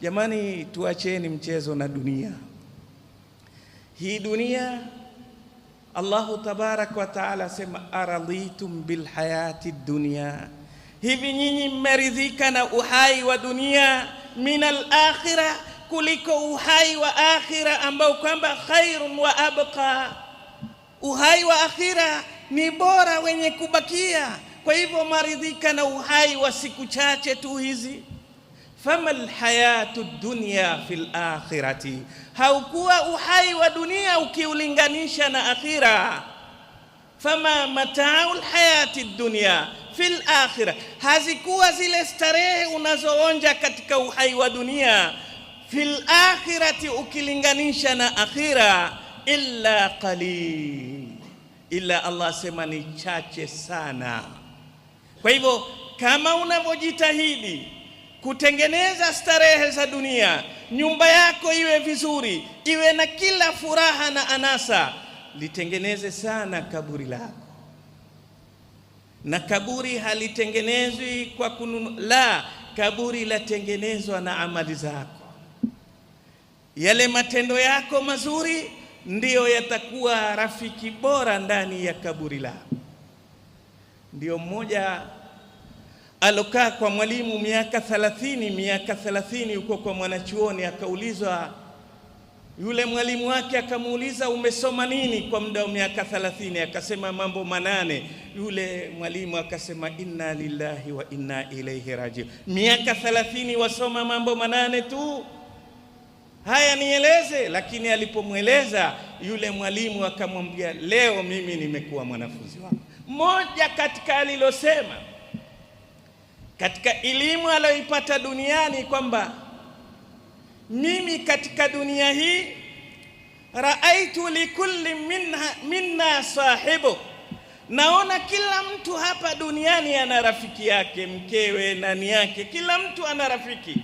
Jamani, tuacheni mchezo na dunia hii. Dunia Allahu tabaraka wa taala asema aradhitum bilhayati dunia hivi nyinyi mmeridhika na uhai wa dunia min alakhira, kuliko uhai wa akhira ambao kwamba khairun wa abqa, uhai wa akhira ni bora wenye kubakia. Kwa hivyo maridhika na uhai wa siku chache tu hizi fama lhayatu dunya fil akhirati, haukuwa uhai wa dunia ukiulinganisha na akhira. Fama matau lhayati dunya fil akhira, hazikuwa zile starehe unazoonja katika uhai wa dunia fil akhirati, ukilinganisha na akhira. Illa qalil, illa Allah asema ni chache sana. Kwa hivyo kama unavyojitahidi kutengeneza starehe za dunia, nyumba yako iwe vizuri, iwe na kila furaha na anasa. Litengeneze sana kaburi lako, na kaburi halitengenezwi kwa kununua, la, kaburi latengenezwa na amali zako. Yale matendo yako mazuri ndiyo yatakuwa rafiki bora ndani ya kaburi lako. Ndiyo mmoja alokaa kwa mwalimu miaka thalathini miaka thalathini huko kwa mwanachuoni, akaulizwa yule mwalimu wake akamuuliza, umesoma nini kwa muda wa miaka thalathini? Akasema mambo manane. Yule mwalimu akasema, inna lillahi wa inna ilaihi rajiun. Miaka thalathini wasoma mambo manane tu? Haya, nieleze. Lakini alipomweleza yule mwalimu akamwambia, leo mimi nimekuwa mwanafunzi wako. Moja katika alilosema katika elimu aliyoipata duniani kwamba mimi katika dunia hii raaitu likulli minha, minna sahibu, naona kila mtu hapa duniani ana rafiki yake, mkewe, nani yake, kila mtu ana rafiki.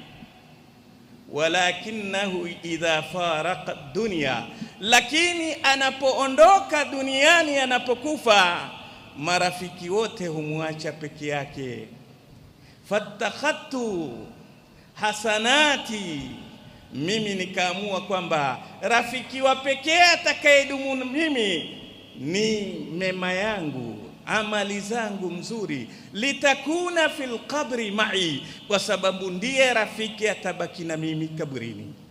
Walakinahu idha faraqa dunya, lakini anapoondoka duniani, anapokufa, marafiki wote humwacha peke yake fattakhadtu hasanati, mimi nikaamua kwamba rafiki wa pekee atakayedumu mimi ni mema yangu amali zangu mzuri, litakuna fil qabri mai, kwa sababu ndiye rafiki atabaki na mimi kaburini.